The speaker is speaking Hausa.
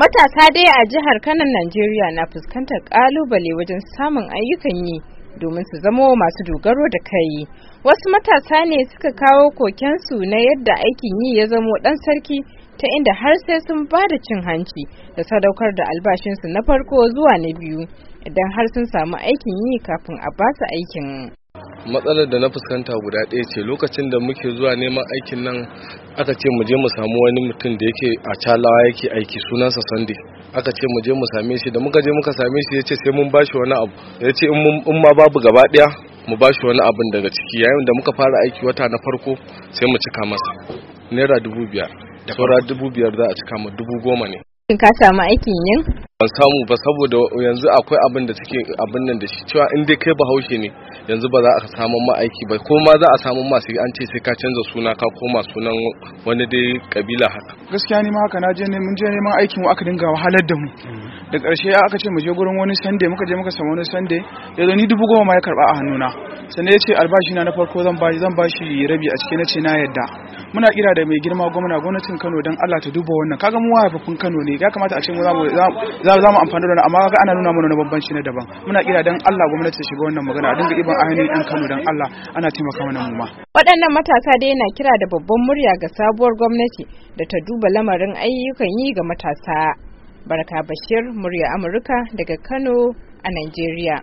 Matasa dai a jihar Kanan Najeriya na fuskantar kalubale wajen samun ayyukan yi domin su zamo masu dogaro da kai. Wasu matasa ne suka kawo kokensu na yadda aikin yi ya zamo ɗan sarki ta inda har sai sun ba da cin hanci da sadaukar da albashinsu na farko zuwa na biyu idan har sun samu aikin yi kafin a basu aikin. matsalar da na fuskanta guda ɗaya ce lokacin da muke zuwa neman aikin nan aka ce mu je mu samu wani mutum da yake a calawa yake aiki sunansa sunday aka ce mu je mu same shi da muka je muka same shi ya ce sai mun bashi wani abu ya ce in ma babu gaba ɗaya mu bashi wani abin daga ciki yayin da muka fara aiki wata na farko sai mu cika masa naira dubu biyar saura dubu biyar za a cika ma dubu goma ne Shin ka samu aikin yin? Ban samu ba saboda yanzu akwai abin da suke abin nan da shi cewa in dai kai bahaushe ne yanzu ba za a samu ma'aiki ba ko ma za a samu masu yi an ce sai ka canza suna ka koma sunan wani dai kabila haka gaskiya ni ma haka na je mun je neman aikin mu aka dinga wahalar da mu mm. da ƙarshe aka ce mu je gurin wani sande muka je muka samu wani sande yanzu ni dubu goma ma ya karba a hannuna sannan ya ce albashi na na farko zan bashi zan bashi rabi a cikin nace na yadda muna kira da mai girma gwamna gwamnatin Kano dan Allah ta duba wannan kaga mu haifafin Kano ne ya kamata a ce mu za mu za mu amfani da amma kaga ana nuna mana na bambanci na daban muna kira dan Allah gwamnati ta shiga wannan magana a dinga iban ainihin dan Kano dan Allah ana taimaka mana mu ma waɗannan matasa dai yana kira da babban murya ga sabuwar gwamnati da ta duba lamarin ayyukan yi ga matasa Baraka Bashir, murya Amurka daga Kano a Nigeria.